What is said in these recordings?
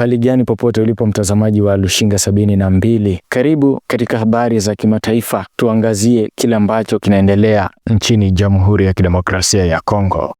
Uhali gani popote ulipo mtazamaji wa Lushinga sabini na mbili, karibu katika habari za kimataifa. Tuangazie kile ambacho kinaendelea nchini Jamhuri ya Kidemokrasia ya Kongo.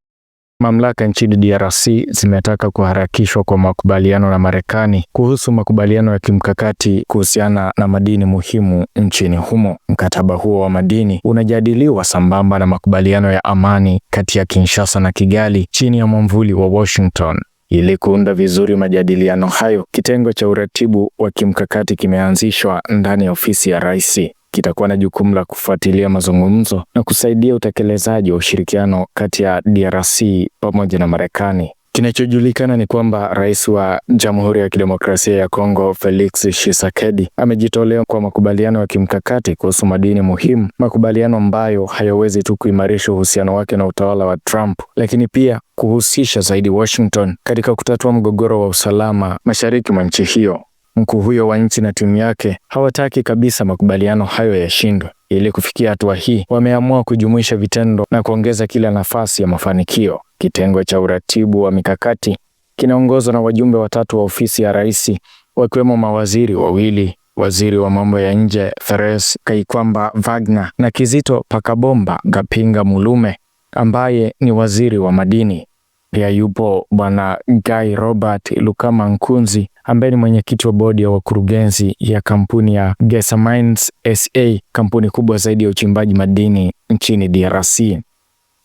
Mamlaka nchini DRC zimetaka kuharakishwa kwa makubaliano na Marekani kuhusu makubaliano ya kimkakati kuhusiana na madini muhimu nchini humo. Mkataba huo wa madini unajadiliwa sambamba na makubaliano ya amani kati ya Kinshasa na Kigali chini ya mwamvuli wa Washington. Ili kuunda vizuri majadiliano hayo, kitengo cha uratibu wa kimkakati kimeanzishwa ndani ya ofisi ya Rais. Kitakuwa na jukumu la kufuatilia mazungumzo na kusaidia utekelezaji wa ushirikiano kati ya DRC pamoja na Marekani. Kinachojulikana ni kwamba rais wa Jamhuri ya Kidemokrasia ya Kongo Felix Tshisekedi amejitolea kwa makubaliano ya kimkakati kuhusu madini muhimu, makubaliano ambayo hayawezi tu kuimarisha uhusiano wake na utawala wa Trump, lakini pia kuhusisha zaidi Washington katika kutatua mgogoro wa usalama mashariki mwa nchi hiyo. Mkuu huyo wa nchi na timu yake hawataki kabisa makubaliano hayo yashindwe. Ili kufikia hatua hii, wameamua kujumuisha vitendo na kuongeza kila nafasi ya mafanikio. Kitengo cha uratibu wa mikakati kinaongozwa na wajumbe watatu wa ofisi ya rais, wakiwemo mawaziri wawili, waziri wa mambo ya nje Therese Kaikwamba Wagner na Kizito Pakabomba Gapinga Mulume ambaye ni waziri wa madini. Pia yupo bwana Guy Robert Lukama Nkunzi ambaye ni mwenyekiti wa bodi ya wakurugenzi ya kampuni ya Gesa Mines SA, kampuni kubwa zaidi ya uchimbaji madini nchini DRC.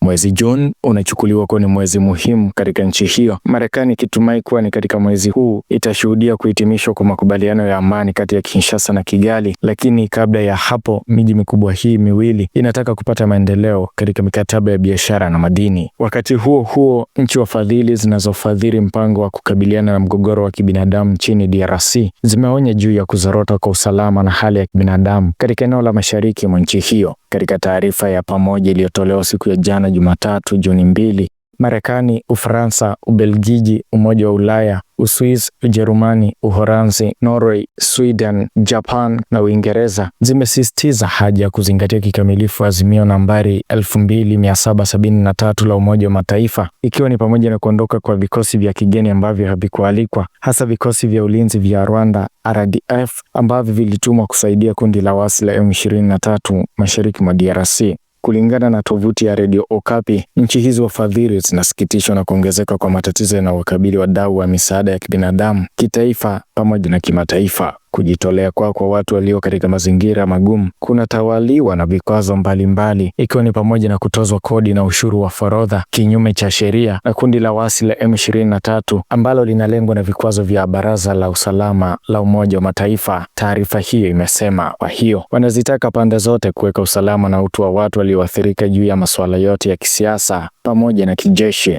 Mwezi Juni unachukuliwa kuwa ni mwezi muhimu katika nchi hiyo, Marekani ikitumai kuwa ni katika mwezi huu itashuhudia kuhitimishwa kwa makubaliano ya amani kati ya Kinshasa na Kigali. Lakini kabla ya hapo, miji mikubwa hii miwili inataka kupata maendeleo katika mikataba ya biashara na madini. Wakati huo huo, nchi wafadhili zinazofadhili mpango wa kukabiliana na mgogoro wa kibinadamu nchini DRC zimeonya juu ya kuzorota kwa usalama na hali ya kibinadamu katika eneo la mashariki mwa nchi hiyo. Katika taarifa ya pamoja iliyotolewa siku ya jana Jumatatu Juni mbili Marekani, Ufaransa, Ubelgiji, Umoja wa Ulaya, Uswis, Ujerumani, Uholanzi, Norway, Sweden, Japan na Uingereza zimesisitiza haja ya kuzingatia kikamilifu azimio nambari 2773 la Umoja wa Mataifa, ikiwa ni pamoja na kuondoka kwa vikosi vya kigeni ambavyo havikualikwa, hasa vikosi vya ulinzi vya Rwanda RDF ambavyo vilitumwa kusaidia kundi la wasi la M23 mashariki mwa DRC. Kulingana na tovuti ya Radio Okapi, nchi hizi wafadhili zinasikitishwa na kuongezeka kwa matatizo yanayowakabili wadau wa misaada ya kibinadamu kitaifa pamoja na kimataifa. Kujitolea kwa kwa watu walio katika mazingira magumu kunatawaliwa na vikwazo mbalimbali, ikiwa ni pamoja na kutozwa kodi na ushuru wa forodha kinyume cha sheria na kundi la waasi la M23 ambalo linalengwa na vikwazo vya Baraza la Usalama la Umoja wa Mataifa, taarifa hiyo imesema. Kwa hiyo wanazitaka pande zote kuweka usalama na utu wa watu walioathirika juu ya masuala yote ya kisiasa pamoja na kijeshi.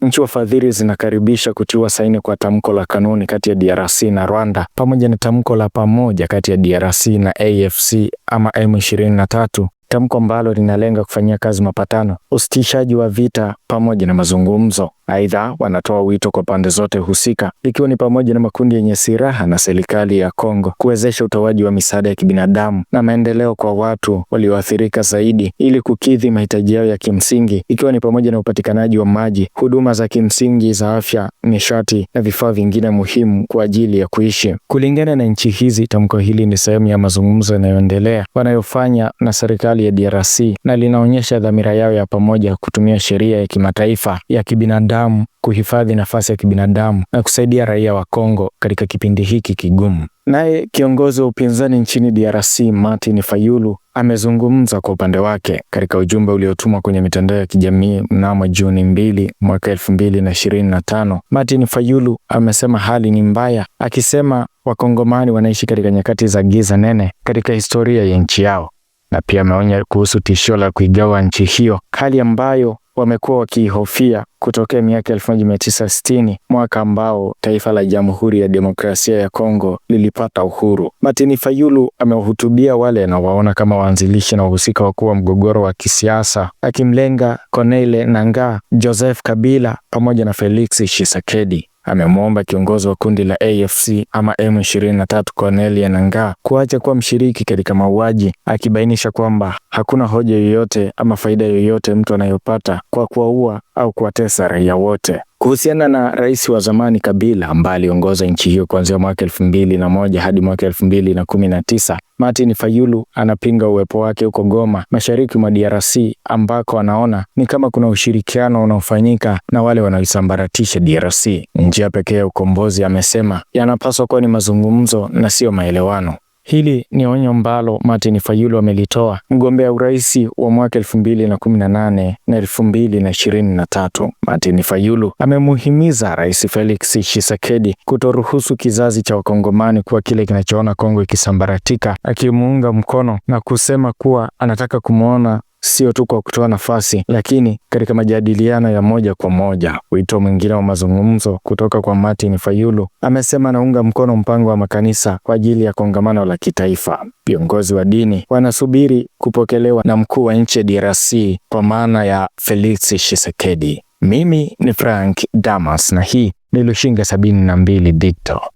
Nchi wafadhili zinakaribisha kutiwa saini kwa tamko la kanuni kati ya DRC na Rwanda pamoja na tamko la pamoja kati ya DRC na AFC ama M23, tamko ambalo linalenga kufanyia kazi mapatano, usitishaji wa vita pamoja na mazungumzo. Aidha, wanatoa wito kwa pande zote husika, ikiwa ni pamoja na makundi yenye silaha na serikali ya Kongo kuwezesha utoaji wa misaada ya kibinadamu na maendeleo kwa watu walioathirika zaidi ili kukidhi mahitaji yao ya kimsingi, ikiwa ni pamoja na upatikanaji wa maji, huduma za kimsingi za afya, nishati na vifaa vingine muhimu kwa ajili ya kuishi. Kulingana na nchi hizi, tamko hili ni sehemu ya mazungumzo yanayoendelea wanayofanya na serikali ya DRC na linaonyesha dhamira yao ya pamoja kutumia sheria ya kimataifa ya kibinadamu kibinadamu, kuhifadhi nafasi ya kibinadamu na kusaidia raia wa Kongo katika kipindi hiki kigumu. Naye kiongozi wa upinzani nchini DRC Martin Fayulu amezungumza kwa upande wake katika ujumbe uliotumwa kwenye mitandao ya kijamii mnamo Juni 2 mwaka 2025. Martin Fayulu amesema hali ni mbaya, akisema Wakongomani wanaishi katika nyakati za giza nene katika historia ya nchi yao, na pia ameonya kuhusu tishio la kuigawa nchi hiyo, hali ambayo wamekuwa wakihofia kutokea miaka 1960 mwaka ambao taifa la Jamhuri ya Demokrasia ya Kongo lilipata uhuru. Martin Fayulu amewahutubia wale anawaona kama waanzilishi na wahusika wakuu wa mgogoro wa kisiasa, akimlenga Corneille Nangaa, Joseph Kabila pamoja na Felix Tshisekedi amemwomba kiongozi wa kundi la AFC ama M23 Cornelia Nangaa kuacha kuwa mshiriki katika mauaji, akibainisha kwamba hakuna hoja yoyote ama faida yoyote mtu anayopata kwa kuwaua au kuwatesa raia wote. Kuhusiana na rais wa zamani Kabila ambaye aliongoza nchi hiyo kuanzia mwaka elfu mbili na moja hadi mwaka elfu mbili na kumi na tisa Martin Fayulu anapinga uwepo wake huko Goma, mashariki mwa DRC, ambako anaona ni kama kuna ushirikiano unaofanyika na wale wanaoisambaratisha DRC. Njia pekee ya ukombozi, amesema, yanapaswa kuwa ni mazungumzo na siyo maelewano. Hili ni onyo ambalo Martin Fayulu amelitoa mgombea urais wa mwaka 2018 na 2023. Martin Fayulu amemuhimiza Rais Felix Tshisekedi kutoruhusu kizazi cha Wakongomani kuwa kile kinachoona Kongo ikisambaratika, akimuunga mkono na kusema kuwa anataka kumwona sio tu kwa kutoa nafasi, lakini katika majadiliano ya moja kwa moja. Wito mwingine wa mazungumzo kutoka kwa Martin Fayulu amesema anaunga mkono mpango wa makanisa kwa ajili ya kongamano la kitaifa. Viongozi wa dini wanasubiri kupokelewa na mkuu wa nchi DRC kwa maana ya Felix Tshisekedi. Mimi ni Frank Damas na hii ni Lushinga 72 Digital.